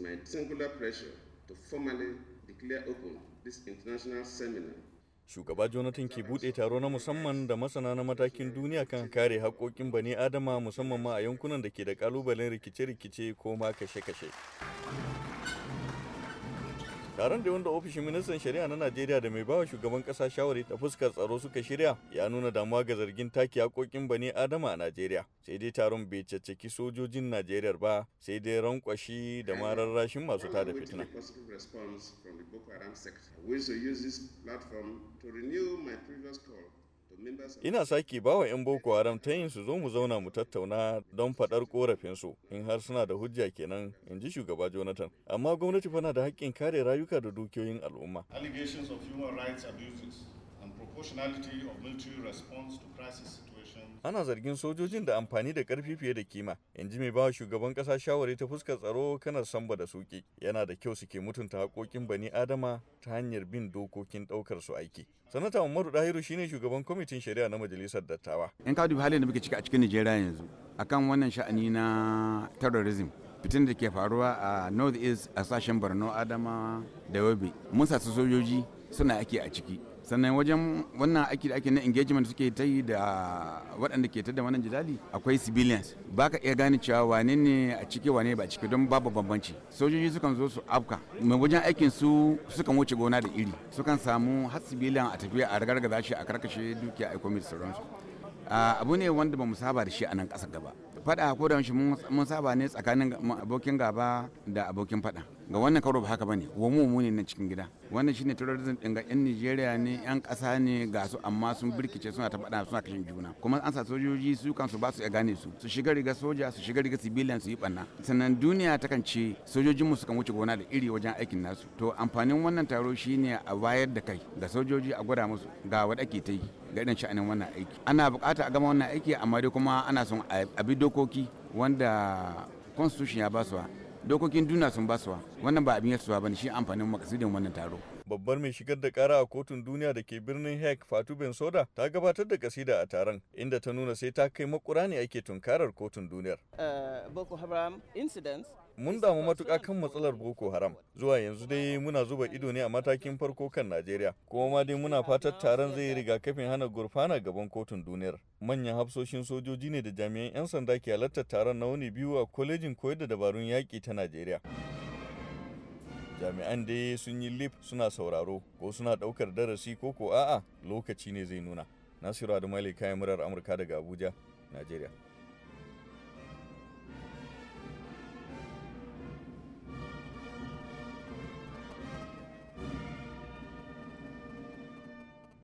my singular pleasure to formally declare open this international seminar shugaba jonathan ke bude taro na musamman da masana na matakin duniya kan kare haƙoƙin bani adama musamman ma a yankunan da ke da ƙalubalen rikice-rikice ko ma kashe-kashe. Taron da wanda ofishin ministan shari'a na Najeriya da mai bawa shugaban kasa shawari ta fuskar tsaro suka shirya ya nuna damuwa ga zargin taki hakokin bani Adama a Najeriya. Sai dai taron bai caccaki sojojin Najeriya ba sai dai rankwashi da ma rarrashin masu tada fitina. Ina sake wa 'yan Boko Haram ta yin su zo mu zauna mu tattauna don faɗar korafinsu in har suna da hujja kenan in ji shugaba Jonathan. Amma gwamnati fana da haƙƙin kare rayuka da dukiyoyin al'umma. Allegations of human rights abuses Ana zargin sojojin da amfani da karfi fiye da kima, in ji mai bawa shugaban kasa shawari ta fuskar tsaro kanar samba da suki. Yana da kyau suke mutunta haƙoƙin bani Adama ta hanyar bin dokokin ɗaukar su aiki. Sanata Umaru Dahiru shine shugaban kwamitin shari'a na majalisar dattawa. In ka dubi halin da muke ciki a cikin Nijeriya yanzu akan wannan sha'ani na terrorism fitin da ke faruwa a north east a sashen borno adama da yobe mun sojoji suna ake a ciki sannan wajen wannan aiki da ake na engagement suke ta yi da waɗanda ke ta da wannan jidali akwai civilians ba ka iya gane cewa wane ne a cike wane ba a don babu bambanci sojoji sukan zo su afka mai wajen aikin su sukan wuce gona da iri sukan samu har civilian a tafiya a ragargaza shi a karkashe dukiya a komi da sauransu abu ne wanda ba mu saba da shi a nan ƙasar gaba faɗa ko da mun saba ne tsakanin abokin gaba da abokin faɗa ga wannan karo ba haka bane wa mu mu ne na cikin gida wannan shine terrorism din ga yan Nigeria ne yan ƙasa ne ga su amma sun birkice suna ta faɗa suna kashin juna kuma an sa sojoji su kan su ba su ya gane su su shiga riga soja su shiga riga civilian su yi banna sannan duniya ta kan ce sojojin mu kan wuce gona da iri wajen aikin nasu to amfanin wannan taro shine a wayar da kai ga sojoji a gwada musu ga wada ake ta yi ga irin sha'anin wannan aiki ana bukata a gama wannan aiki amma dai kuma ana son a bi dokoki wanda constitution ya ba su dokokin duniya sun basuwa wannan ba abin yasuwa bane shi amfanin makasudin wannan taro babbar mai shigar da kara a kotun duniya da ke birnin hek Fatu soda ta gabatar da kasida a taron inda ta nuna sai ta kai makura ne ake tunkarar kotun duniyar eh, Boko Haram mun damu matuƙa kan matsalar Boko Haram. Zuwa yanzu dai muna zuba ido ne a matakin farko kan Najeriya, kuma ma dai muna fatar taron zai yi rigakafin hana gurfana gaban kotun duniyar. Manyan hafsoshin sojoji ne da jami'an 'yan sanda ke halartar taron na wani biyu a kwalejin koyar da dabarun yaƙi ta Najeriya. jami'an dai sun yi lif suna sauraro ko suna ɗaukar darasi ko ko a'a lokaci ne zai nuna nasiru adamali kayan murar amurka daga abuja najeriya